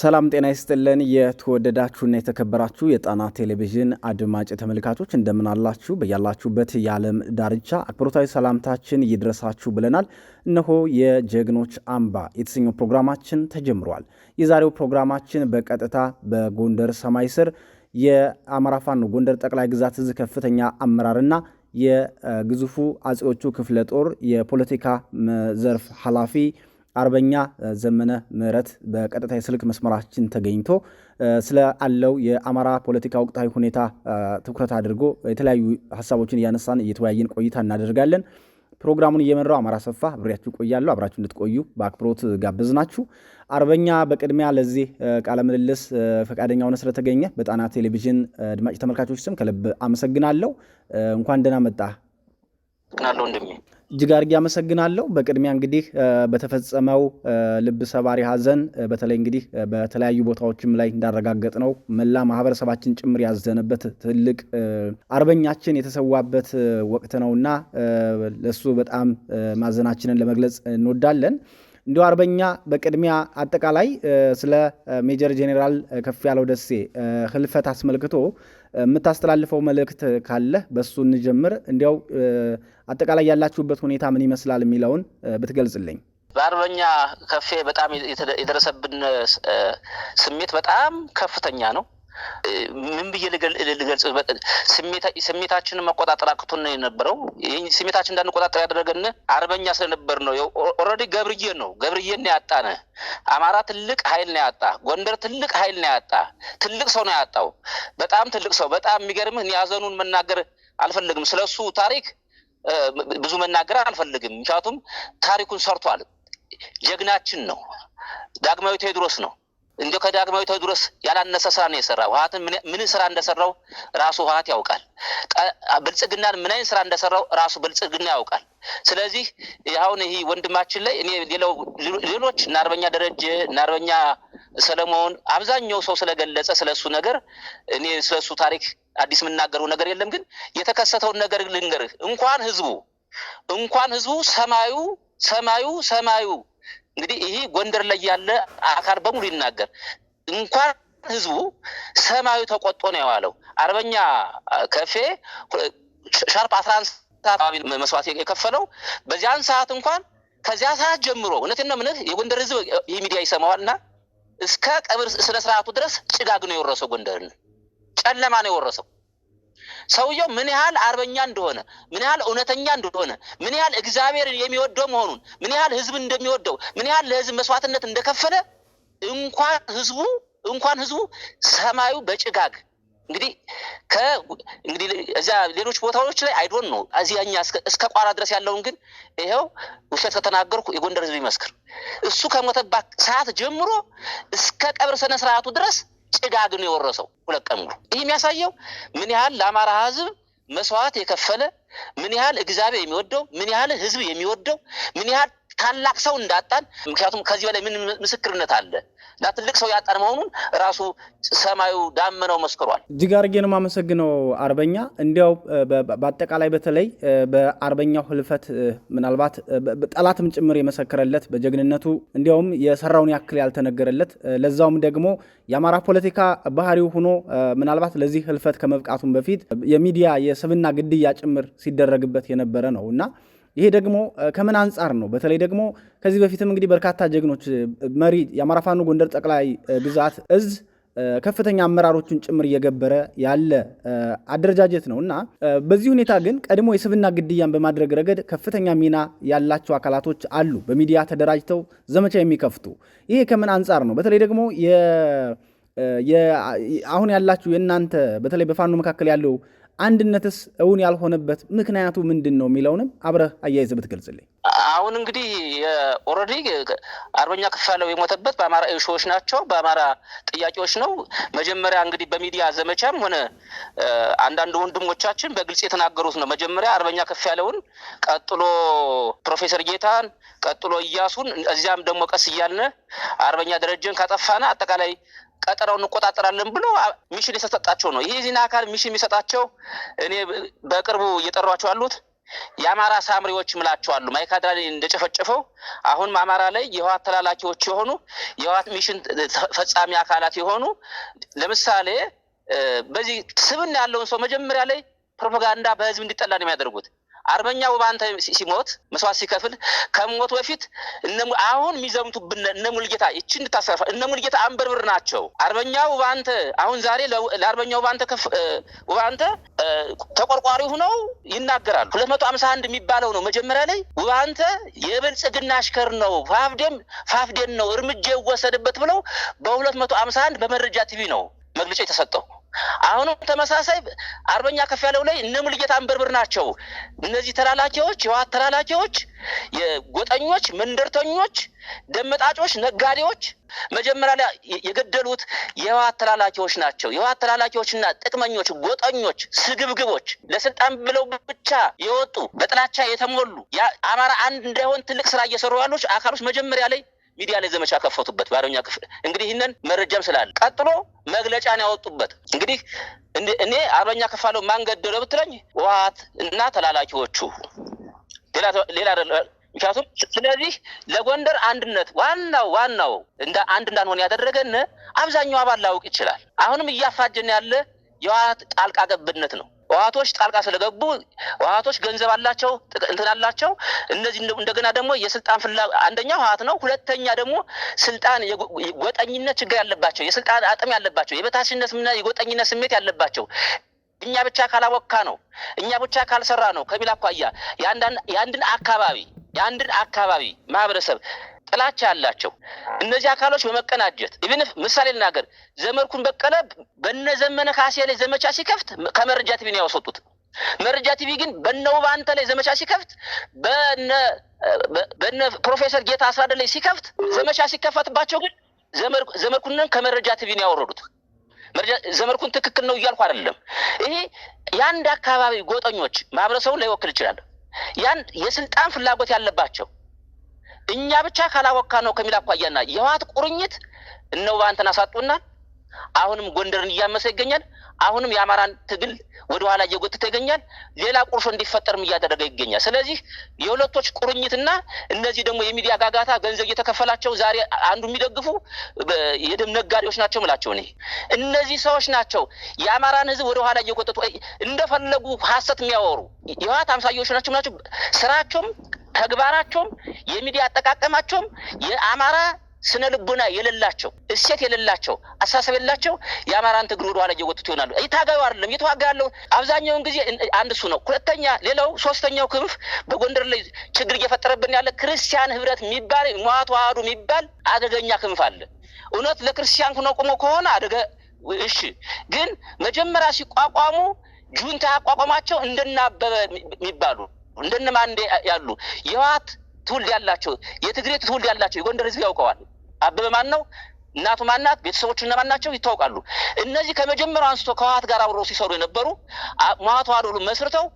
ሰላም ጤና ይስጥልን። የተወደዳችሁና የተከበራችሁ የጣና ቴሌቪዥን አድማጭ ተመልካቾች እንደምን አላችሁ? በያላችሁበት የዓለም ዳርቻ አክብሮታዊ ሰላምታችን ይድረሳችሁ ብለናል። እነሆ የጀግኖች አምባ የተሰኘው ፕሮግራማችን ተጀምሯል። የዛሬው ፕሮግራማችን በቀጥታ በጎንደር ሰማይ ስር የአማራ ፋኖ ጎንደር ጠቅላይ ግዛት እዝ ከፍተኛ አመራርና የግዙፉ አጼዎቹ ክፍለ ጦር የፖለቲካ ዘርፍ ኃላፊ አርበኛ ዘመነ ምህረት በቀጥታ የስልክ መስመራችን ተገኝቶ ስለ አለው የአማራ ፖለቲካ ወቅታዊ ሁኔታ ትኩረት አድርጎ የተለያዩ ሀሳቦችን እያነሳን እየተወያየን ቆይታ እናደርጋለን። ፕሮግራሙን እየመራው አማራ ሰፋ ብሬያችሁ ቆያለሁ። አብራችሁ እንድትቆዩ በአክብሮት ጋብዝ ናችሁ። አርበኛ በቅድሚያ ለዚህ ቃለ ምልልስ ፈቃደኛ ሆነ ስለተገኘ በጣና ቴሌቪዥን አድማጭ ተመልካቾች ስም ከልብ አመሰግናለሁ። እንኳን ደህና መጣ። እጅግ አድርጌ አመሰግናለሁ። በቅድሚያ እንግዲህ በተፈጸመው ልብ ሰባሪ ሀዘን በተለይ እንግዲህ በተለያዩ ቦታዎችም ላይ እንዳረጋገጥ ነው መላ ማህበረሰባችን ጭምር ያዘነበት ትልቅ አርበኛችን የተሰዋበት ወቅት ነውና ለሱ በጣም ማዘናችንን ለመግለጽ እንወዳለን። እንዲሁ አርበኛ በቅድሚያ አጠቃላይ ስለ ሜጀር ጄኔራል ያለው ደሴ ህልፈት አስመልክቶ የምታስተላልፈው መልእክት ካለ በሱ እንጀምር። እንዲያው አጠቃላይ ያላችሁበት ሁኔታ ምን ይመስላል የሚለውን ብትገልጽልኝ። በአርበኛ ከፌ በጣም የደረሰብን ስሜት በጣም ከፍተኛ ነው። ምን ብዬ ልገልጽ? ስሜታችንን መቆጣጠር አቅቶን ነው የነበረው። ስሜታችን እንዳንቆጣጠር ያደረገን አርበኛ ስለነበር ነው። ኦረዲ ገብርዬ ነው ገብርዬን ያጣነ። አማራ ትልቅ ኃይል ነው ያጣ። ጎንደር ትልቅ ኃይል ነው ያጣ። ትልቅ ሰው ነው ያጣው። በጣም ትልቅ ሰው። በጣም የሚገርምህ ያዘኑን መናገር አልፈልግም። ስለሱ ታሪክ ብዙ መናገር አልፈልግም። ምክንያቱም ታሪኩን ሰርቷል። ጀግናችን ነው። ዳግማዊ ቴድሮስ ነው። እንደ ከዳግማዊ ቴዎድሮስ ያላነሰ ስራ ነው የሰራ። ህወሓትን ምን ስራ እንደሰራው ራሱ ህወሓት ያውቃል። ብልጽግናን ምን አይነት ስራ እንደሰራው ራሱ ብልጽግና ያውቃል። ስለዚህ አሁን ይህ ወንድማችን ላይ እኔ ሌላው ሌሎች እናርበኛ አርበኛ ደረጀ እና አርበኛ ሰለሞን አብዛኛው ሰው ስለገለጸ ስለሱ ነገር እኔ ስለሱ ታሪክ አዲስ የምናገረው ነገር የለም። ግን የተከሰተውን ነገር ልንገርህ። እንኳን ህዝቡ እንኳን ህዝቡ ሰማዩ ሰማዩ ሰማዩ እንግዲህ ይህ ጎንደር ላይ ያለ አካል በሙሉ ይናገር እንኳን ህዝቡ ሰማዩ ተቆጦ ነው የዋለው። አርበኛ ከፌ ሻርፕ አስራ አንድ ሰዓት መስዋዕት የከፈለው በዚያን ሰዓት እንኳን ከዚያ ሰዓት ጀምሮ እነትነ ነው የምልህ የጎንደር ህዝብ ይህ ሚዲያ ይሰማዋል እስከ ቀብር ስነስርዓቱ ድረስ ጭጋግ ነው የወረሰው። ጎንደርን ጨለማ ነው የወረሰው። ሰውየው ምን ያህል አርበኛ እንደሆነ፣ ምን ያህል እውነተኛ እንደሆነ፣ ምን ያህል እግዚአብሔርን የሚወደው መሆኑን፣ ምን ያህል ህዝብ እንደሚወደው፣ ምን ያህል ለህዝብ መስዋዕትነት እንደከፈለ እንኳን ህዝቡ እንኳን ህዝቡ ሰማዩ በጭጋግ እንግዲህ እንግዲህ እዚያ ሌሎች ቦታዎች ላይ አይዶን ነው እዚያኛ እስከ ቋራ ድረስ ያለውን ግን ይኸው ውሸት ከተናገርኩ የጎንደር ህዝብ ይመስክር። እሱ ከሞተባት ሰዓት ጀምሮ እስከ ቀብር ስነ ስርዓቱ ድረስ ጭጋግ ነው የወረሰው ሁለት ቀን ሙሉ። ይህ የሚያሳየው ምን ያህል ለአማራ ህዝብ መስዋዕት የከፈለ ምን ያህል እግዚአብሔር የሚወደው ምን ያህል ህዝብ የሚወደው ምን ያህል ታላቅ ሰው እንዳጣን፣ ምክንያቱም ከዚህ በላይ ምን ምስክርነት አለ? እና ትልቅ ሰው ያጣን መሆኑን ራሱ ሰማዩ ዳመናው መስክሯል። እጅግ አድርጌ ነው የማመሰግነው አርበኛ። እንዲያው በአጠቃላይ በተለይ በአርበኛው ህልፈት ምናልባት ጠላትም ጭምር የመሰከረለት በጀግንነቱ እንዲያውም የሰራውን ያክል ያልተነገረለት ለዛውም ደግሞ የአማራ ፖለቲካ ባህሪው ሆኖ ምናልባት ለዚህ ህልፈት ከመብቃቱም በፊት የሚዲያ የስብና ግድያ ጭምር ሲደረግበት የነበረ ነው እና ይሄ ደግሞ ከምን አንጻር ነው? በተለይ ደግሞ ከዚህ በፊትም እንግዲህ በርካታ ጀግኖች መሪ የአማራ ፋኖ ጎንደር ጠቅላይ ግዛት እዝ ከፍተኛ አመራሮቹን ጭምር እየገበረ ያለ አደረጃጀት ነው እና በዚህ ሁኔታ ግን ቀድሞ የስብና ግድያን በማድረግ ረገድ ከፍተኛ ሚና ያላቸው አካላቶች አሉ፣ በሚዲያ ተደራጅተው ዘመቻ የሚከፍቱ። ይሄ ከምን አንጻር ነው? በተለይ ደግሞ አሁን ያላችሁ የእናንተ በተለይ በፋኖ መካከል ያለው አንድነትስ እውን ያልሆነበት ምክንያቱ ምንድን ነው የሚለውንም አብረህ አያይዘህ ብትገልጽልኝ። አሁን እንግዲህ ኦልሬዲ አርበኛ ክፍያለው የሞተበት በአማራ ኢሹዎች ናቸው፣ በአማራ ጥያቄዎች ነው። መጀመሪያ እንግዲህ በሚዲያ ዘመቻም ሆነ አንዳንድ ወንድሞቻችን በግልጽ የተናገሩት ነው። መጀመሪያ አርበኛ ያለውን ቀጥሎ ፕሮፌሰር ጌታን፣ ቀጥሎ እያሱን፣ እዚያም ደግሞ ቀስ እያልን አርበኛ ደረጀን ካጠፋና አጠቃላይ ቀጠራውን እንቆጣጠራለን ብሎ ሚሽን የተሰጣቸው ነው። ይህ ዜና አካል ሚሽን የሚሰጣቸው እኔ በቅርቡ እየጠሯቸው ያሉት የአማራ ሳምሪዎች ምላቸዋሉ ማይካድራ እንደጨፈጨፈው አሁንም አማራ ላይ የህዋት ተላላኪዎች የሆኑ የህዋት ሚሽን ፈጻሚ አካላት የሆኑ ለምሳሌ በዚህ ስብን ያለውን ሰው መጀመሪያ ላይ ፕሮፓጋንዳ በህዝብ እንዲጠላ ነው የሚያደርጉት። አርበኛው በአንተ ሲሞት መስዋዕት ሲከፍል ከሞት በፊት አሁን የሚዘምቱብን እነ ሙልጌታ ይቺ እንድታሰፋ እነ ሙልጌታ አንበርብር ናቸው። አርበኛው በአንተ አሁን ዛሬ ለአርበኛው ባንተ ውባንተ ተቆርቋሪ ሁነው ይናገራሉ። ሁለት መቶ አምሳ አንድ የሚባለው ነው መጀመሪያ ላይ ውባንተ የብልጽግና አሽከር ነው ፋፍደም ፋፍደን ነው እርምጃ ይወሰድበት ብለው በሁለት መቶ አምሳ አንድ በመረጃ ቲቪ ነው መግለጫ የተሰጠው። አሁንም ተመሳሳይ አርበኛ ከፍ ያለው ላይ እነ ሙልጌታ አንበርብር ናቸው። እነዚህ ተላላኪዎች፣ የዋት ተላላኪዎች፣ የጎጠኞች፣ መንደርተኞች፣ ደመጣጮች፣ ነጋዴዎች መጀመሪያ ላይ የገደሉት የህወሀት ተላላኪዎች ናቸው። የህወሀት ተላላኪዎችና ጥቅመኞች፣ ጎጠኞች፣ ስግብግቦች ለስልጣን ብለው ብቻ የወጡ በጥላቻ የተሞሉ አማራ አንድ እንዳይሆን ትልቅ ስራ እየሰሩ ያሉች አካሎች መጀመሪያ ላይ ሚዲያ ላይ ዘመቻ ከፈቱበት በአረብኛ ክፍል። እንግዲህ ይህንን መረጃም ስላለ ቀጥሎ መግለጫን ያወጡበት እንግዲህ እኔ አርበኛ ከፋለው ማን ገደለው ብትለኝ ዋት እና ተላላኪዎቹ ሌላ ምክንያቱም ስለዚህ ለጎንደር አንድነት ዋናው ዋናው እንደ አንድ እንዳንሆን ያደረገን አብዛኛው አባል ላውቅ ይችላል። አሁንም እያፋጀን ያለ የዋት ጣልቃ ገብነት ነው። ውሀቶች ጣልቃ ስለገቡ ውሀቶች ገንዘብ አላቸው፣ እንትን አላቸው። እነዚህ እንደገና ደግሞ የስልጣን ፍላ አንደኛ ውሀት ነው። ሁለተኛ ደግሞ ስልጣን ጎጠኝነት ችግር ያለባቸው የስልጣን አጥም ያለባቸው የበታችነት እና የጎጠኝነት ስሜት ያለባቸው እኛ ብቻ ካላወካ ነው እኛ ብቻ ካልሰራ ነው ከሚል አኳያ የአንድን አካባቢ የአንድን አካባቢ ማህበረሰብ ጥላቻ ያላቸው እነዚህ አካሎች በመቀናጀት ኢብን ምሳሌ ልናገር፣ ዘመድኩን በቀለ በነ ዘመነ ካሴ ላይ ዘመቻ ሲከፍት ከመረጃ ቲቪ ነው ያወሰጡት። መረጃ ቲቪ ግን በነው በአንተ ላይ ዘመቻ ሲከፍት በነ ፕሮፌሰር ጌታ አስራደ ላይ ሲከፍት ዘመቻ ሲከፈትባቸው ግን ዘመድኩንን ከመረጃ ቲቪ ነው ያወረዱት። ዘመድኩን ትክክል ነው እያልኩ አይደለም። ይሄ የአንድ አካባቢ ጎጠኞች ማህበረሰቡን ላይወክል ይችላል። ያን የስልጣን ፍላጎት ያለባቸው እኛ ብቻ ካላወካ ነው ከሚል አኳያና የህወሓት ቁርኝት እነው በአንተን አሳጡናል። አሁንም ጎንደርን እያመሰ ይገኛል። አሁንም የአማራን ትግል ወደኋላ እየጎተተ ይገኛል። ሌላ ቁርሾ እንዲፈጠርም እያደረገ ይገኛል። ስለዚህ የሁለቶች ቁርኝትና እነዚህ ደግሞ የሚዲያ ጋጋታ ገንዘብ እየተከፈላቸው ዛሬ አንዱ የሚደግፉ የደም ነጋዴዎች ናቸው ምላቸው እኔ እነዚህ ሰዎች ናቸው የአማራን ህዝብ ወደኋላ እየጎተቱ እንደፈለጉ ሀሰት የሚያወሩ የህወሓት አምሳያዎች ናቸው ምላቸው ስራቸውም ተግባራቸውም የሚዲያ አጠቃቀማቸውም የአማራ ስነ ልቡና የሌላቸው እሴት የሌላቸው አሳሰብ የሌላቸው የአማራን ትግል ወደ ኋላ እየጎትቱ ይሆናሉ። እየታጋዩ አይደለም እየተዋጋ ያለው አብዛኛውን ጊዜ አንድ እሱ ነው። ሁለተኛ ሌላው ሶስተኛው ክንፍ በጎንደር ላይ ችግር እየፈጠረብን ያለ ክርስቲያን ህብረት የሚባል ሟቱ አዱ የሚባል አደገኛ ክንፍ አለ። እውነት ለክርስቲያን ሆነው ቆሞ ከሆነ አደገ እሺ፣ ግን መጀመሪያ ሲቋቋሙ ጁንታ ያቋቋማቸው እንደናበበ የሚባሉ እንደነ ማንዴ ያሉ የህወሓት ትውልድ ያላቸው የትግሬ ትውልድ ያላቸው የጎንደር ህዝብ ያውቀዋል። አበበ ማን ነው? እናቱ ማናት? ቤተሰቦቹ እነማን ናቸው? ይታወቃሉ። እነዚህ ከመጀመሪያው አንስቶ ከህወሓት ጋር አብረው ሲሰሩ የነበሩ ሟቶ አዶሉ መስርተው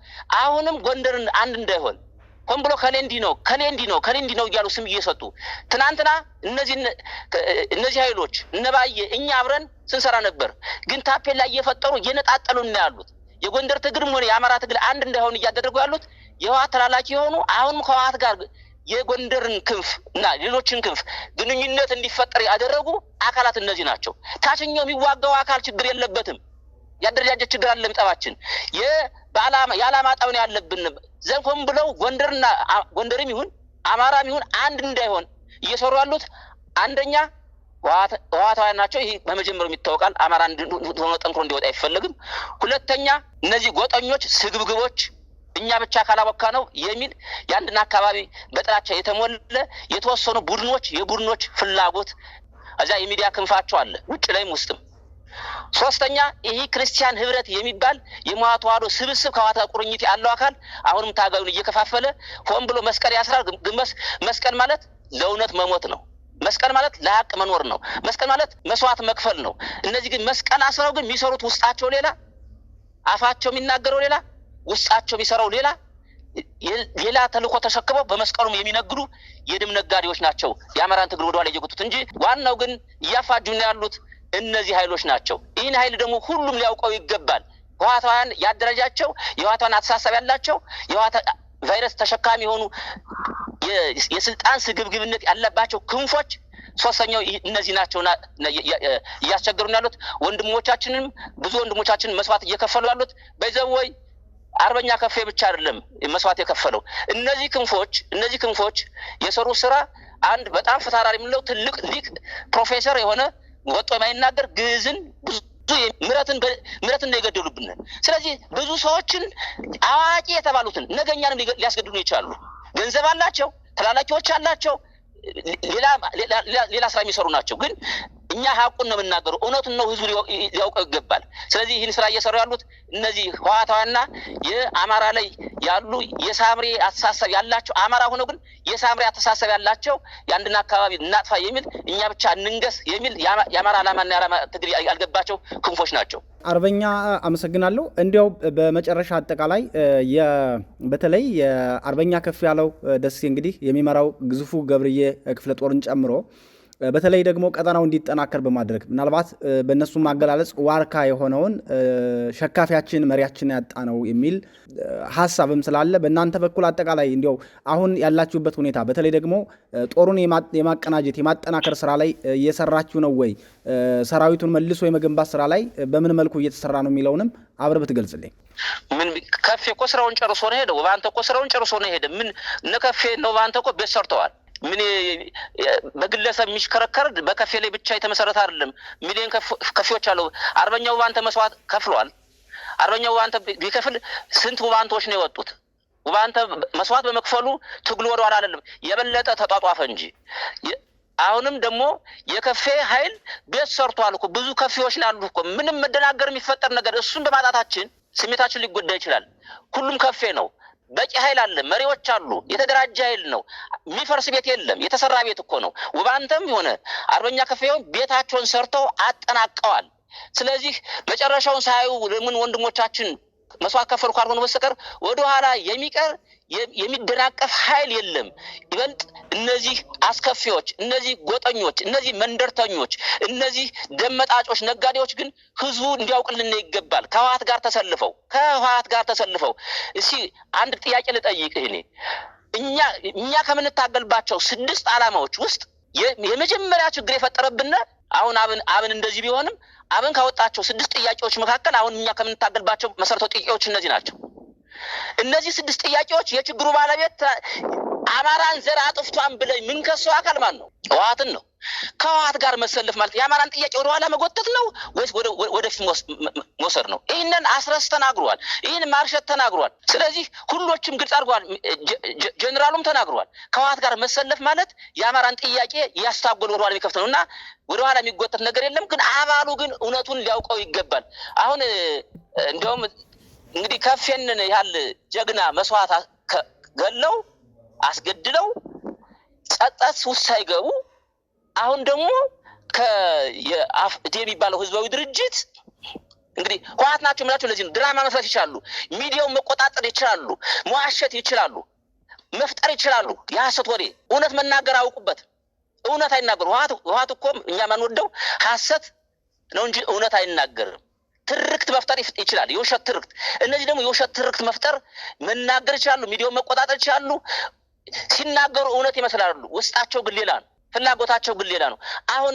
አሁንም ጎንደርን አንድ እንዳይሆን ሆን ብሎ ከሌ እንዲህ ነው ከሌ እንዲህ ነው ከሌ እንዲህ ነው እያሉ ስም እየሰጡ ትናንትና እነዚህ ኃይሎች እነባየ እኛ አብረን ስንሰራ ነበር፣ ግን ታፔላ እየፈጠሩ እየነጣጠሉ እና ያሉት የጎንደር ትግልም ሆነ የአማራ ትግል አንድ እንዳይሆን እያደረጉ ያሉት የህወሓት ተላላኪ የሆኑ አሁንም ከህወሓት ጋር የጎንደርን ክንፍ እና ሌሎችን ክንፍ ግንኙነት እንዲፈጠር ያደረጉ አካላት እነዚህ ናቸው። ታችኛው የሚዋጋው አካል ችግር የለበትም። ያደረጃጀ ችግር አለም ጠባችን የዓላማ ጠብ ነው ያለብን ዘንድ ብለው ጎንደርና ጎንደርም ይሁን አማራም ይሁን አንድ እንዳይሆን እየሰሩ ያሉት አንደኛ ህወሓታውያን ናቸው። ይህ በመጀመሪያው ይታወቃል። አማራ ሆኖ ጠንክሮ እንዲወጣ አይፈለግም። ሁለተኛ እነዚህ ጎጠኞች ስግብግቦች እኛ ብቻ ካላቦካ ነው የሚል የአንድን አካባቢ በጥላቻ የተሞለ የተወሰኑ ቡድኖች የቡድኖች ፍላጎት እዚያ የሚዲያ ክንፋቸው አለ ውጭ ላይም ውስጥም። ሶስተኛ ይህ ክርስቲያን ህብረት የሚባል የመዋዕለ ስብስብ ከዋታ ቁርኝት ያለው አካል አሁንም ታጋዩን እየከፋፈለ ሆን ብሎ መስቀል ያስራል። ግመስ መስቀል ማለት ለእውነት መሞት ነው። መስቀል ማለት ለሀቅ መኖር ነው። መስቀል ማለት መስዋዕት መክፈል ነው። እነዚህ ግን መስቀል አስረው ግን የሚሰሩት ውስጣቸው ሌላ፣ አፋቸው የሚናገረው ሌላ ውስጣቸው የሚሰራው ሌላ ሌላ ተልእኮ ተሸክመው በመስቀሉም የሚነግዱ የደም ነጋዴዎች ናቸው የአማራን ትግል ወደኋላ እየጎቱት እንጂ ዋናው ግን እያፋጁን ያሉት እነዚህ ኃይሎች ናቸው። ይህን ኃይል ደግሞ ሁሉም ሊያውቀው ይገባል። ህዋታውያን ያደረጃቸው የህዋታውያን አስተሳሰብ ያላቸው የህዋታ ቫይረስ ተሸካሚ የሆኑ የስልጣን ስግብግብነት ያለባቸው ክንፎች ሶስተኛው እነዚህ ናቸው እያስቸገሩን ያሉት ወንድሞቻችንም ብዙ ወንድሞቻችን መስዋዕት እየከፈሉ ያሉት በዘወይ አርበኛ ከፌ ብቻ አይደለም መስዋዕት የከፈለው። እነዚህ ክንፎች እነዚህ ክንፎች የሰሩ ስራ አንድ በጣም ፈታራሪ የምንለው ትልቅ ሊቅ ፕሮፌሰር የሆነ ወጦ የማይናገር ግዕዝን ብዙ ምረትን ነው የገደሉብን። ስለዚህ ብዙ ሰዎችን አዋቂ የተባሉትን ነገኛንም ሊያስገድሉ ይችላሉ። ገንዘብ አላቸው፣ ተላላኪዎች አላቸው፣ ሌላ ስራ የሚሰሩ ናቸው ግን እኛ ሀቁን ነው የምናገረው። እውነቱን ነው ህዝቡ ሊያውቀው ይገባል። ስለዚህ ይህን ስራ እየሰሩ ያሉት እነዚህ ህዋታዋና የአማራ ላይ ያሉ የሳምሬ አስተሳሰብ ያላቸው አማራ ሆኖ ግን የሳምሬ አስተሳሰብ ያላቸው የአንድን አካባቢ እናጥፋ የሚል እኛ ብቻ እንንገስ የሚል የአማራ አላማና የዓላማ ትግል ያልገባቸው ክንፎች ናቸው። አርበኛ አመሰግናለሁ። እንዲያው በመጨረሻ አጠቃላይ በተለይ የአርበኛ ከፍ ያለው ደሴ እንግዲህ የሚመራው ግዙፉ ገብርዬ ክፍለ ጦርን ጨምሮ በተለይ ደግሞ ቀጠናው እንዲጠናከር በማድረግ ምናልባት በእነሱ ማገላለጽ ዋርካ የሆነውን ሸካፊያችን መሪያችን ያጣ ነው የሚል ሀሳብም ስላለ በእናንተ በኩል አጠቃላይ እንዲያው አሁን ያላችሁበት ሁኔታ በተለይ ደግሞ ጦሩን የማቀናጀት የማጠናከር ስራ ላይ እየሰራችሁ ነው ወይ? ሰራዊቱን መልሶ የመገንባት ስራ ላይ በምን መልኩ እየተሰራ ነው የሚለውንም አብረህ ብትገልጽልኝ። ምን ከፌ እኮ ስራውን ጨርሶ ነው ሄደው። በአንተ እኮ ስራውን ጨርሶ ነው ሄደ። ምን እነ ከፌ ነው በአንተ እኮ ቤት ሰርተዋል። ምን በግለሰብ የሚሽከረከር በከፌ ላይ ብቻ የተመሰረተ አይደለም። ሚሊዮን ከፌዎች አለው። አርበኛው ውባንተ መስዋዕት ከፍሏል። አርበኛው ውባንተ ቢከፍል ስንት ውባንቶች ነው የወጡት? ውባንተ መስዋዕት በመክፈሉ ትግሉ ወደ ኋላ አይደለም፣ የበለጠ ተጧጧፈ እንጂ አሁንም ደግሞ የከፌ ኃይል ቤት ሰርቷል እኮ ብዙ ከፌዎች ናሉ እኮ ምንም መደናገር የሚፈጠር ነገር እሱን በማጣታችን ስሜታችን ሊጎዳ ይችላል። ሁሉም ከፌ ነው። በቂ ኃይል አለ፣ መሪዎች አሉ፣ የተደራጀ ኃይል ነው። የሚፈርስ ቤት የለም፣ የተሰራ ቤት እኮ ነው። ውባንተም የሆነ አርበኛ ክፍሌውን ቤታቸውን ሰርተው አጠናቀዋል። ስለዚህ መጨረሻውን ሳያዩ ለምን ወንድሞቻችን መስዋዕት ከፈርኩ ካልሆነ በስተቀር ወደኋላ የሚቀር የሚደናቀፍ ኃይል የለም። ይበልጥ እነዚህ አስከፊዎች፣ እነዚህ ጎጠኞች፣ እነዚህ መንደርተኞች፣ እነዚህ ደመጣጮች፣ ነጋዴዎች ግን ህዝቡ እንዲያውቅልን ይገባል። ከህወሓት ጋር ተሰልፈው ከህወሓት ጋር ተሰልፈው እስኪ አንድ ጥያቄ ልጠይቅ። እኔ እኛ እኛ ከምንታገልባቸው ስድስት ዓላማዎች ውስጥ የመጀመሪያ ችግር የፈጠረብን አሁን አብን አብን እንደዚህ ቢሆንም አብን ካወጣቸው ስድስት ጥያቄዎች መካከል አሁን እኛ ከምንታገልባቸው መሰረታዊ ጥያቄዎች እነዚህ ናቸው። እነዚህ ስድስት ጥያቄዎች የችግሩ ባለቤት አማራን ዘር አጥፍቷን ብለኝ ምን ከሰው አካል ማን ነው? ህወሓትን ነው። ከህወሓት ጋር መሰለፍ ማለት የአማራን ጥያቄ ወደ ኋላ መጎተት ነው ወይስ ወደፊት መውሰድ ነው? ይህንን አስረስ ተናግሯል። ይህን ማርሸት ተናግሯል። ስለዚህ ሁሎችም ግልጽ አድርጓል። ጀኔራሉም ተናግሯል። ከህወሓት ጋር መሰለፍ ማለት የአማራን ጥያቄ ያስታጎል ወደኋላ የሚከፍት ነው እና ወደኋላ የሚጎተት ነገር የለም። ግን አባሉ ግን እውነቱን ሊያውቀው ይገባል። አሁን እንደውም እንግዲህ ከፌንን ያህል ጀግና መስዋዕት ገለው አስገድለው ጸጥታ ውስጥ ሳይገቡ አሁን ደግሞ ከአፍድ የሚባለው ህዝባዊ ድርጅት እንግዲህ ህወሓት ናቸው የሚላቸው ለዚህ ነው። ድራማ መስራት ይችላሉ። ሚዲያውን መቆጣጠር ይችላሉ። መዋሸት ይችላሉ። መፍጠር ይችላሉ። የሀሰት ወሬ እውነት መናገር አውቁበት። እውነት አይናገሩ። ህወሓት እኮ እኛ ወደው ሀሰት ነው እንጂ እውነት አይናገርም። ትርክት መፍጠር ይችላል፣ የውሸት ትርክት። እነዚህ ደግሞ የውሸት ትርክት መፍጠር መናገር ይችላሉ። ሚዲያውን መቆጣጠር ይችላሉ። ሲናገሩ እውነት ይመስላሉ፣ ውስጣቸው ግን ሌላ ነው። ፍላጎታቸው ግን ሌላ ነው። አሁን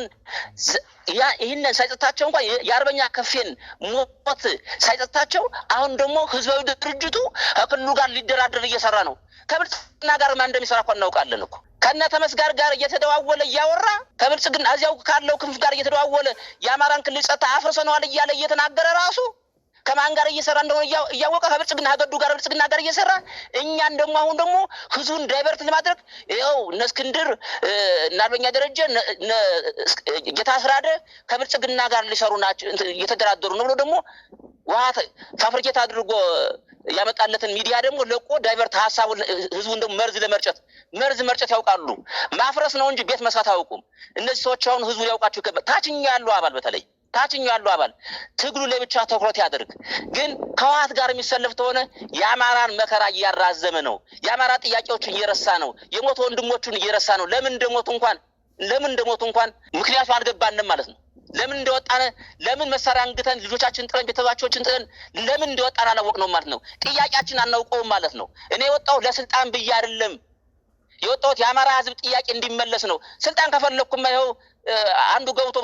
ይህንን ሳይጸጥታቸው እንኳ የአርበኛ ከፌን ሞት ሳይጸጥታቸው አሁን ደግሞ ህዝባዊ ድርጅቱ ከክልሉ ጋር ሊደራደር እየሰራ ነው። ከብልጽግና ጋር ማ እንደሚሰራ እኳ እናውቃለን እኮ ከነ ተመስጋር ጋር እየተደዋወለ እያወራ ከብልጽግና እዚያው ካለው ክንፍ ጋር እየተደዋወለ የአማራን ክልል ጸጥታ አፍርሰነዋል እያለ እየተናገረ ራሱ ከማን ጋር እየሰራ እንደሆነ እያወቀ ከብልጽግና ገዱ ጋር ብልጽግና ጋር እየሰራ እኛን ደግሞ አሁን ደግሞ ህዝቡን ዳይቨርት ለማድረግ ይኸው እነ እስክንድር እነ አርበኛ ደረጀ ጌታ ስራደ ከብልጽግና ጋር ሊሰሩ ናቸው እየተደራደሩ ነው ብሎ ደግሞ ውሃ ፋብሪኬት አድርጎ ያመጣለትን ሚዲያ ደግሞ ለቆ ዳይቨርት ሀሳቡ ህዝቡን ደግሞ መርዝ ለመርጨት መርዝ መርጨት ያውቃሉ። ማፍረስ ነው እንጂ ቤት መስራት አያውቁም። እነዚህ ሰዎች አሁን ህዝቡ ሊያውቃቸው ይገባል። ታችኛ ያለው አባል በተለይ ታችኛው ያሉ አባል ትግሉ ለብቻ ትኩረት ያድርግ። ግን ከህወሓት ጋር የሚሰለፍ ተሆነ የአማራን መከራ እያራዘመ ነው። የአማራ ጥያቄዎችን እየረሳ ነው። የሞት ወንድሞቹን እየረሳ ነው። ለምን እንደሞቱ እንኳን ለምን እንደሞቱ እንኳን ምክንያቱ አልገባንም ማለት ነው። ለምን እንደወጣነ ለምን መሳሪያ አንግተን ልጆቻችን ጥለን ቤተሰባቸዎችን ጥለን ለምን እንደወጣን አላወቅነውም ማለት ነው። ጥያቄያችን አናውቀውም ማለት ነው። እኔ የወጣው ለስልጣን ብዬ አይደለም የወጣሁት የአማራ ህዝብ ጥያቄ እንዲመለስ ነው። ስልጣን ከፈለግኩም ይኸው አንዱ ገብቶ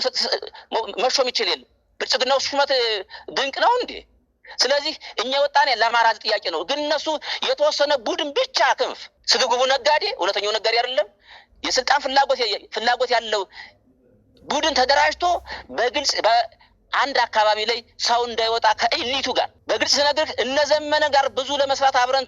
መሾም ይችል የለም። ብልጽግናው ሹመት ድንቅ ነው እንዴ? ስለዚህ እኛ ወጣን ለአማራ ህዝብ ጥያቄ ነው። ግን እነሱ የተወሰነ ቡድን ብቻ ክንፍ፣ ስግጉቡ ነጋዴ፣ እውነተኛው ነጋዴ አይደለም። የስልጣን ፍላጎት ያለው ቡድን ተደራጅቶ በግልጽ አንድ አካባቢ ላይ ሰው እንዳይወጣ ከእሊቱ ጋር በግልጽ ስነግርህ እነዘመነ ጋር ብዙ ለመስራት አብረን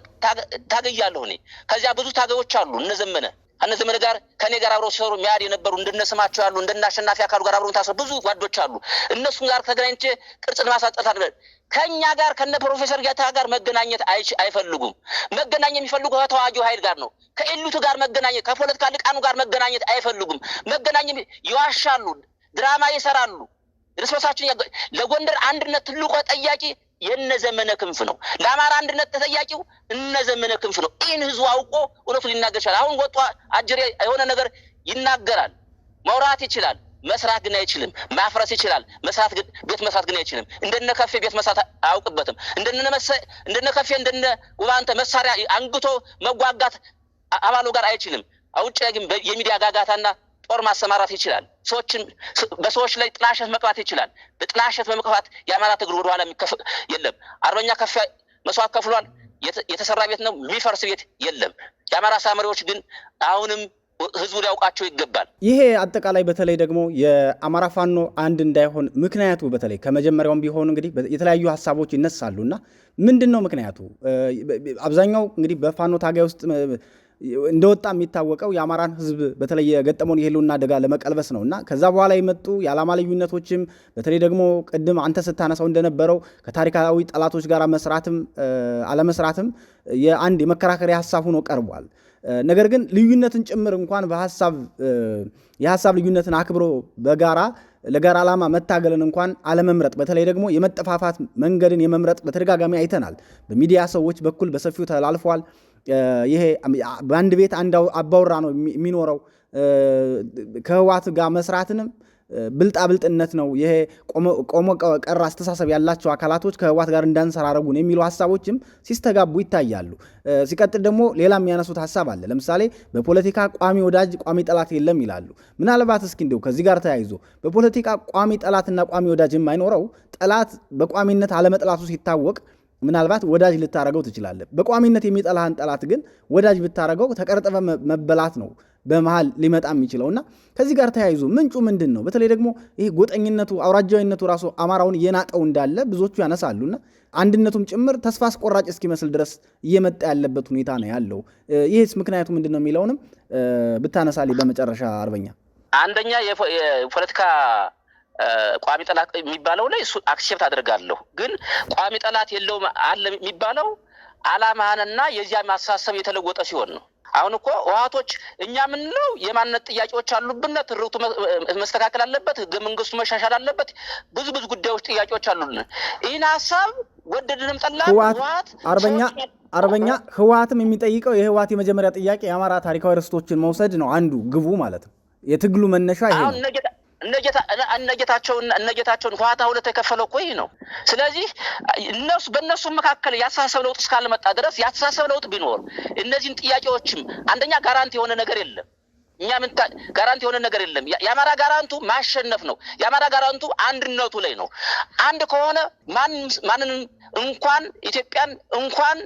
ታገያለሁ እኔ። ከዚያ ብዙ ታገዮች አሉ። እነዘመነ እነዘመነ ጋር ከእኔ ጋር አብረው ሲሰሩ ሚያድ የነበሩ እንደነስማቸው ያሉ እንደነ አሸናፊ አካሉ ጋር አብረው ታሰሩ ብዙ ጓዶች አሉ። እነሱን ጋር ተገናኝቼ ቅርጽ ማሳጠር አለብን። ከእኛ ጋር ከነ ፕሮፌሰር ጌታ ጋር መገናኘት አይፈልጉም። መገናኘት የሚፈልጉ ከተዋጊው ኃይል ጋር ነው። ከእሊቱ ጋር መገናኘት፣ ከፖለቲካ ልቃኑ ጋር መገናኘት አይፈልጉም። መገናኘት ይዋሻሉ፣ ድራማ ይሰራሉ። እርስ በርሳችን ለጎንደር አንድነት ትልቋ ጠያቂ የነ ዘመነ ክንፍ ነው። ለአማራ አንድነት ተጠያቂው እነ ዘመነ ክንፍ ነው። ይህን ህዝቡ አውቆ እውነቱ ሊናገር ይችላል። አሁን ወጡ አጅሬ የሆነ ነገር ይናገራል። መውራት ይችላል፣ መስራት ግን አይችልም። ማፍረስ ይችላል፣ መስራት ቤት መስራት ግን አይችልም። እንደነ ከፌ ቤት መስራት አያውቅበትም። እንደነ ከፌ እንደነ ጉባንተ መሳሪያ አንግቶ መጓጋት አባሉ ጋር አይችልም። አውጭ ግን የሚዲያ ጋጋታና ጦር ማሰማራት ይችላል። ሰዎችን በሰዎች ላይ ጥላሸት መቅባት ይችላል። በጥላሸት በመቅፋት የአማራ ትግል ወደኋላ የሚከፍ የለም። አርበኛ ከፍ መስዋዕት ከፍሏል። የተሰራ ቤት ነው፣ የሚፈርስ ቤት የለም። የአማራ ሳመሪዎች ግን አሁንም ህዝቡ ሊያውቃቸው ይገባል። ይሄ አጠቃላይ በተለይ ደግሞ የአማራ ፋኖ አንድ እንዳይሆን ምክንያቱ በተለይ ከመጀመሪያውም ቢሆን እንግዲህ የተለያዩ ሀሳቦች ይነሳሉ እና ምንድን ነው ምክንያቱ? አብዛኛው እንግዲህ በፋኖ ታጋይ ውስጥ እንደወጣ የሚታወቀው የአማራን ህዝብ በተለይ የገጠመውን የህልውና አደጋ ለመቀልበስ ነው እና ከዛ በኋላ የመጡ የዓላማ ልዩነቶችም በተለይ ደግሞ ቅድም አንተ ስታነሳው እንደነበረው ከታሪካዊ ጠላቶች ጋር መስራትም አለመስራትም የአንድ የመከራከሪያ ሀሳብ ሆኖ ቀርቧል። ነገር ግን ልዩነትን ጭምር እንኳን በሀሳብ የሀሳብ ልዩነትን አክብሮ በጋራ ለጋራ ዓላማ መታገልን እንኳን አለመምረጥ በተለይ ደግሞ የመጠፋፋት መንገድን የመምረጥ በተደጋጋሚ አይተናል። በሚዲያ ሰዎች በኩል በሰፊው ተላልፏል። ይሄ በአንድ ቤት አንድ አባወራ ነው የሚኖረው። ከህዋት ጋር መስራትንም ብልጣብልጥነት ነው። ይሄ ቆሞ ቀር አስተሳሰብ ያላቸው አካላቶች ከህዋት ጋር እንዳንሰራረጉ ነው የሚሉ ሀሳቦችም ሲስተጋቡ ይታያሉ። ሲቀጥል ደግሞ ሌላ የሚያነሱት ሀሳብ አለ። ለምሳሌ በፖለቲካ ቋሚ ወዳጅ፣ ቋሚ ጠላት የለም ይላሉ። ምናልባት እስኪ እንዲሁ ከዚህ ጋር ተያይዞ በፖለቲካ ቋሚ ጠላትና ቋሚ ወዳጅ የማይኖረው ጠላት በቋሚነት አለመጥላቱ ሲታወቅ ምናልባት ወዳጅ ልታደረገው ትችላለህ። በቋሚነት የሚጠላህን ጠላት ግን ወዳጅ ብታረገው ተቀርጥበ መበላት ነው በመሃል ሊመጣ የሚችለው እና ከዚህ ጋር ተያይዞ ምንጩ ምንድን ነው? በተለይ ደግሞ ይሄ ጎጠኝነቱ አውራጃዊነቱ ራሱ አማራውን የናጠው እንዳለ ብዙዎቹ ያነሳሉና አንድነቱም ጭምር ተስፋ አስቆራጭ እስኪመስል ድረስ እየመጣ ያለበት ሁኔታ ነው ያለው። ይህስ ምክንያቱ ምንድን ነው የሚለውንም ብታነሳ በመጨረሻ አርበኛ አንደኛ የፖለቲካ ቋሚ ጠላት የሚባለው ላይ እሱ አክሴፕት አድርጋለሁ። ግን ቋሚ ጠላት የለውም አለ የሚባለው አላማህንና የዚያ ማሳሰብ የተለወጠ ሲሆን ነው። አሁን እኮ ውሀቶች እኛ የምንለው የማንነት ጥያቄዎች አሉብን፣ ትርክቱ መስተካከል አለበት፣ ህገ መንግስቱ መሻሻል አለበት፣ ብዙ ብዙ ጉዳዮች ጥያቄዎች አሉን። ይህን ሀሳብ ወደድንም ጠላ ህወሀት አርበኛ አርበኛ ህወሀትም የሚጠይቀው የህወሀት የመጀመሪያ ጥያቄ የአማራ ታሪካዊ ርስቶችን መውሰድ ነው። አንዱ ግቡ ማለት ነው። የትግሉ መነሻ ይሄ ነው። እነጌታቸውን እነጌታቸውን ህወሓት ሁለት የከፈለው እኮ ይህ ነው። ስለዚህ እነሱ በእነሱ መካከል የአስተሳሰብ ለውጥ እስካልመጣ ድረስ የአስተሳሰብ ለውጥ ቢኖር እነዚህን ጥያቄዎችም አንደኛ ጋራንት የሆነ ነገር የለም እኛ ምን ጋራንት የሆነ ነገር የለም። የአማራ ጋራንቱ ማሸነፍ ነው። የአማራ ጋራንቱ አንድነቱ ላይ ነው። አንድ ከሆነ ማንንም እንኳን ኢትዮጵያን እንኳን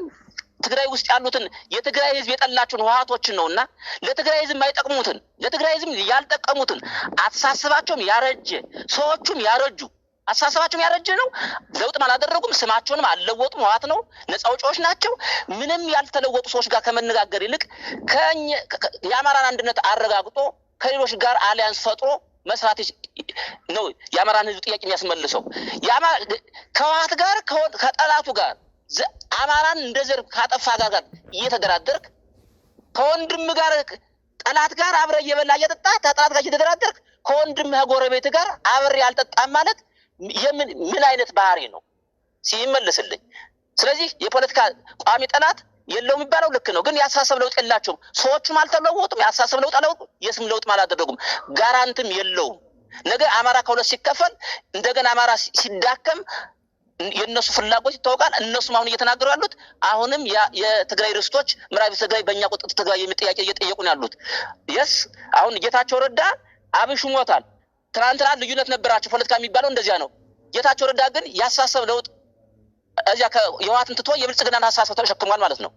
ትግራይ ውስጥ ያሉትን የትግራይ ህዝብ የጠላችሁን ህወሓቶችን ነው እና ለትግራይ ህዝብ የማይጠቅሙትን ለትግራይ ህዝብ ያልጠቀሙትን አስተሳሰባቸውም ያረጀ ሰዎቹም ያረጁ አስተሳሰባቸውም ያረጀ ነው። ለውጥም አላደረጉም፣ ስማቸውንም አልለወጡም። ህወሓት ነው፣ ነፃ አውጪዎች ናቸው። ምንም ያልተለወጡ ሰዎች ጋር ከመነጋገር ይልቅ የአማራን አንድነት አረጋግጦ ከሌሎች ጋር አሊያንስ ፈጥሮ መስራት ነው የአማራን ህዝብ ጥያቄ የሚያስመልሰው ከህወሓት ጋር ከጠላቱ ጋር አማራን እንደ ዘር ካጠፋ ጋር ጋር እየተደራደርክ ከወንድም ጋር ጠላት ጋር አብረ እየበላ እየጠጣ ከጠላት ጋር እየተደራደርክ ከወንድም ጎረቤት ጋር አብሬ አልጠጣም ማለት የምን ምን አይነት ባህሪ ነው? ሲመልስልኝ ስለዚህ የፖለቲካ ቋሚ ጠላት የለው የሚባለው ልክ ነው፣ ግን የአስተሳሰብ ለውጥ የላቸውም። ሰዎቹም አልተለወጡም፣ የአስተሳሰብ ለውጥ አላወቁም፣ የስም ለውጥ አላደረጉም፣ ጋራንትም የለውም። ነገ አማራ ከሁለት ሲከፈል እንደገና አማራ ሲዳከም የእነሱ ፍላጎት ይታወቃል። እነሱም አሁን እየተናገሩ ያሉት አሁንም የትግራይ ርስቶች ምዕራብ ትግራይ በእኛ ቁጥጥር ትግራይ የሚል ጥያቄ እየጠየቁ ነው ያሉት። የስ አሁን ጌታቸው ረዳ አብሹ ሞታል። ትናንትና ልዩነት ነበራቸው። ፖለቲካ የሚባለው እንደዚያ ነው። ጌታቸው ረዳ ግን ያሳሰብ ለውጥ እዚያ የህወሓትን ትቶ የብልጽግናን ሀሳሰብ ተሸክሟል ማለት ነው።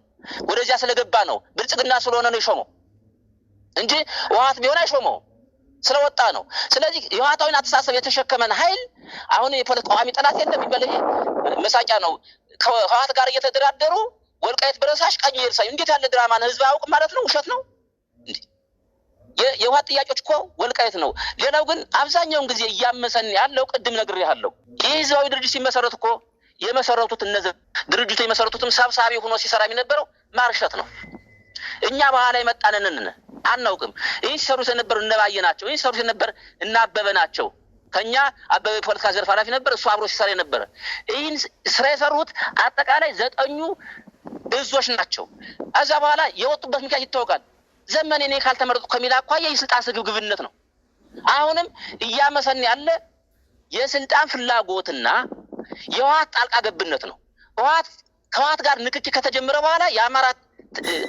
ወደዚያ ስለገባ ነው ብልጽግና ስለሆነ ነው የሾመው እንጂ ህወሓት ቢሆን አይሾመው ስለወጣ ነው። ስለዚህ የህወሓታዊን አተሳሰብ የተሸከመን ኃይል አሁን የፖለቲካ ቋሚ ጠላት የለም ይበል። ይሄ መሳቂያ ነው። ከህዋት ጋር እየተደራደሩ ወልቃይት በረሳሽ ቀኝ የልሳኝ እንዴት ያለ ድራማ ነው? ህዝብ አያውቅም ማለት ነው። ውሸት ነው። የህወሓት ጥያቄዎች እኮ ወልቃይት ነው። ሌላው ግን አብዛኛውን ጊዜ እያመሰን ያለው ቅድም ነግሬሃለሁ። ይህ ህዝባዊ ድርጅት ሲመሰረት እኮ የመሰረቱት እነዚህ ድርጅቱ የመሰረቱትም ሰብሳቢ ሆኖ ሲሰራ የሚነበረው ማርሸት ነው። እኛ በኋላ የመጣንንን አናውቅም። ይህን ሲሰሩ ስነበር እነባየ ናቸው። ይህን ሲሰሩ ስነበር እናበበ ናቸው። ከኛ አበበ የፖለቲካ ዘርፍ ኃላፊ ነበር። እሱ አብሮ ሲሰራ የነበረ ይህን ስራ የሰሩት አጠቃላይ ዘጠኙ እዞች ናቸው። ከዛ በኋላ የወጡበት ምክንያት ይታወቃል። ዘመን እኔ ካልተመረጡ ከሚል አኳያ የስልጣን ስግብግብነት ነው። አሁንም እያመሰን ያለ የስልጣን ፍላጎትና የህወሓት ጣልቃ ገብነት ነው። ህወሓት ከህወሓት ጋር ንክኪ ከተጀመረ በኋላ የአማራ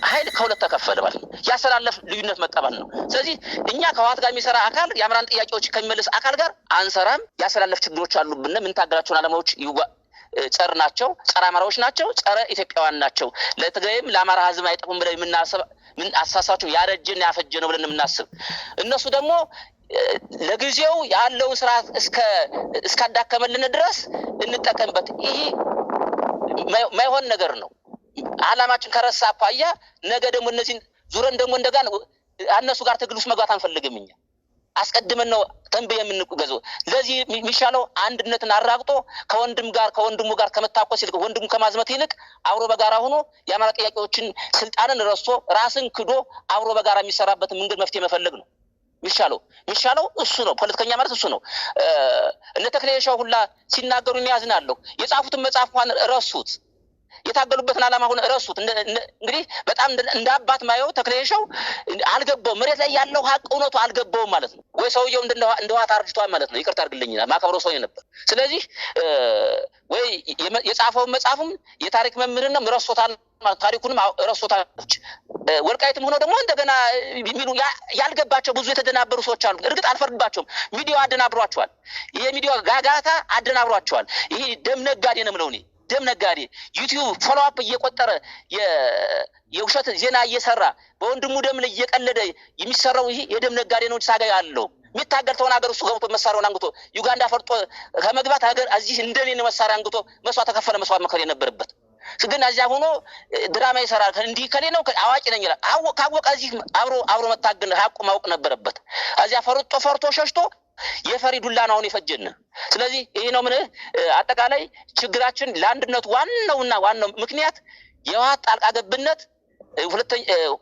ኃይል ከሁለት ተከፈለ ማለት ያሰላለፍ ልዩነት መቀበል ነው። ስለዚህ እኛ ከህወሓት ጋር የሚሰራ አካል የአምራን ጥያቄዎች ከሚመልስ አካል ጋር አንሰራም። ያሰላለፍ ችግሮች አሉብን። የምንታገላቸውን አለማዎች ይዋ ጸር ናቸው፣ ጸረ አማራዎች ናቸው፣ ጸረ ኢትዮጵያውያን ናቸው። ለትግራይም ለአማራ ህዝብ አይጠቅሙም ብለን የምናስብ ምን አሳሳቸው ያረጀን ያፈጀ ነው ብለን የምናስብ እነሱ ደግሞ ለጊዜው ያለውን ስርዓት እስካዳከመልን ድረስ እንጠቀምበት። ይህ ማይሆን ነገር ነው። አላማችን ከረሳ አኳያ ነገ ደግሞ እነዚህን ዙረን ደግሞ እንደጋ እነሱ ጋር ትግል ውስጥ መግባት አንፈልግም። እኛ አስቀድመን ነው ተንብ የምንገዘው። ለዚህ የሚሻለው አንድነትን አራግጦ ከወንድም ጋር ከወንድሙ ጋር ከመታኮስ ይልቅ ወንድሙ ከማዝመት ይልቅ አብሮ በጋራ ሆኖ የአማራ ጥያቄዎችን ስልጣንን ረስቶ ራስን ክዶ አብሮ በጋራ የሚሰራበትን መንገድ መፍትሄ መፈለግ ነው ሚሻለው ሚሻለው እሱ ነው። ፖለቲከኛ ማለት እሱ ነው። እነ ተክሌ ሻው ሁላ ሲናገሩ ያዝናለሁ። የጻፉትን መጽሐፍ እንኳን ረሱት። የታገሉበትን ዓላማ ሁን ረሱት። እንግዲህ በጣም እንደ አባት ማየው ተክለየሸው አልገባው መሬት ላይ ያለው ሀቅ እውነቱ አልገባውም ማለት ነው። ወይ ሰውየው እንደ ውሃ ታርጅቷል ማለት ነው። ይቅርታ አድርግልኝ ማከብሮ ሰው ነበር። ስለዚህ ወይ የጻፈውን መጽሐፉም የታሪክ መምህርንም ረሶታል፣ ታሪኩንም ረሶታች። ወልቃይትም ሆኖ ደግሞ እንደገና የሚሉ ያልገባቸው ብዙ የተደናበሩ ሰዎች አሉ። እርግጥ አልፈርድባቸውም። ሚዲያው አደናብሯቸዋል። ይሄ ሚዲያው ጋጋታ አደናብሯቸዋል። ይሄ ደም ነጋዴ ነው የምለው እኔ ደም ነጋዴ ዩቲዩብ ፎሎ እየቆጠረ የውሸት ዜና እየሰራ በወንድሙ ደም ላይ እየቀለደ የሚሰራው ይህ የደም ነጋዴ ነው። ሳጋ አለው የሚታገል ተሆን ሀገር ውስጥ ገብቶ መሳሪያውን አንግቶ ዩጋንዳ ፈርጦ ከመግባት ሀገር እዚህ እንደኔን መሳሪያ አንግቶ መስዋ ተከፈለ መስዋዕት መከል የነበረበት ግን እዚያ ሆኖ ድራማ ይሰራል። እንዲህ ከኔ ነው አዋቂ ነኝ ይላል። ካወቀ እዚህ አብሮ አብሮ መታገል ሀቁ ማወቅ ነበረበት። እዚያ ፈርጦ ፈርቶ ሸሽቶ የፈሪ ዱላ ነው አሁን የፈጀን። ስለዚህ ይህ ነው ምን አጠቃላይ ችግራችን ለአንድነቱ ዋናውና ዋናው ምክንያት የህወሓት ጣልቃ ገብነት፣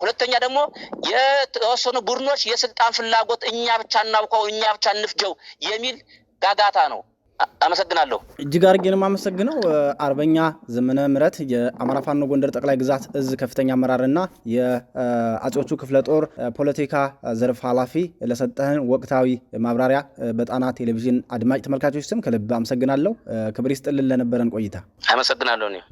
ሁለተኛ ደግሞ የተወሰኑ ቡድኖች የስልጣን ፍላጎት እኛ ብቻ እናውቀው እኛ ብቻ እንፍጀው የሚል ጋጋታ ነው። አመሰግናለሁ እጅግ አርጌ ነው የማመሰግነው። አርበኛ ዘመነ ምረት የአማራ ፋኖ ጎንደር ጠቅላይ ግዛት እዝ ከፍተኛ አመራርና የአጼዎቹ ክፍለ ጦር ፖለቲካ ዘርፍ ኃላፊ ለሰጠህን ወቅታዊ ማብራሪያ በጣና ቴሌቪዥን አድማጭ ተመልካቾች ስም ከልብ አመሰግናለሁ። ክብር ይስጥልን ለነበረን ቆይታ አመሰግናለሁ።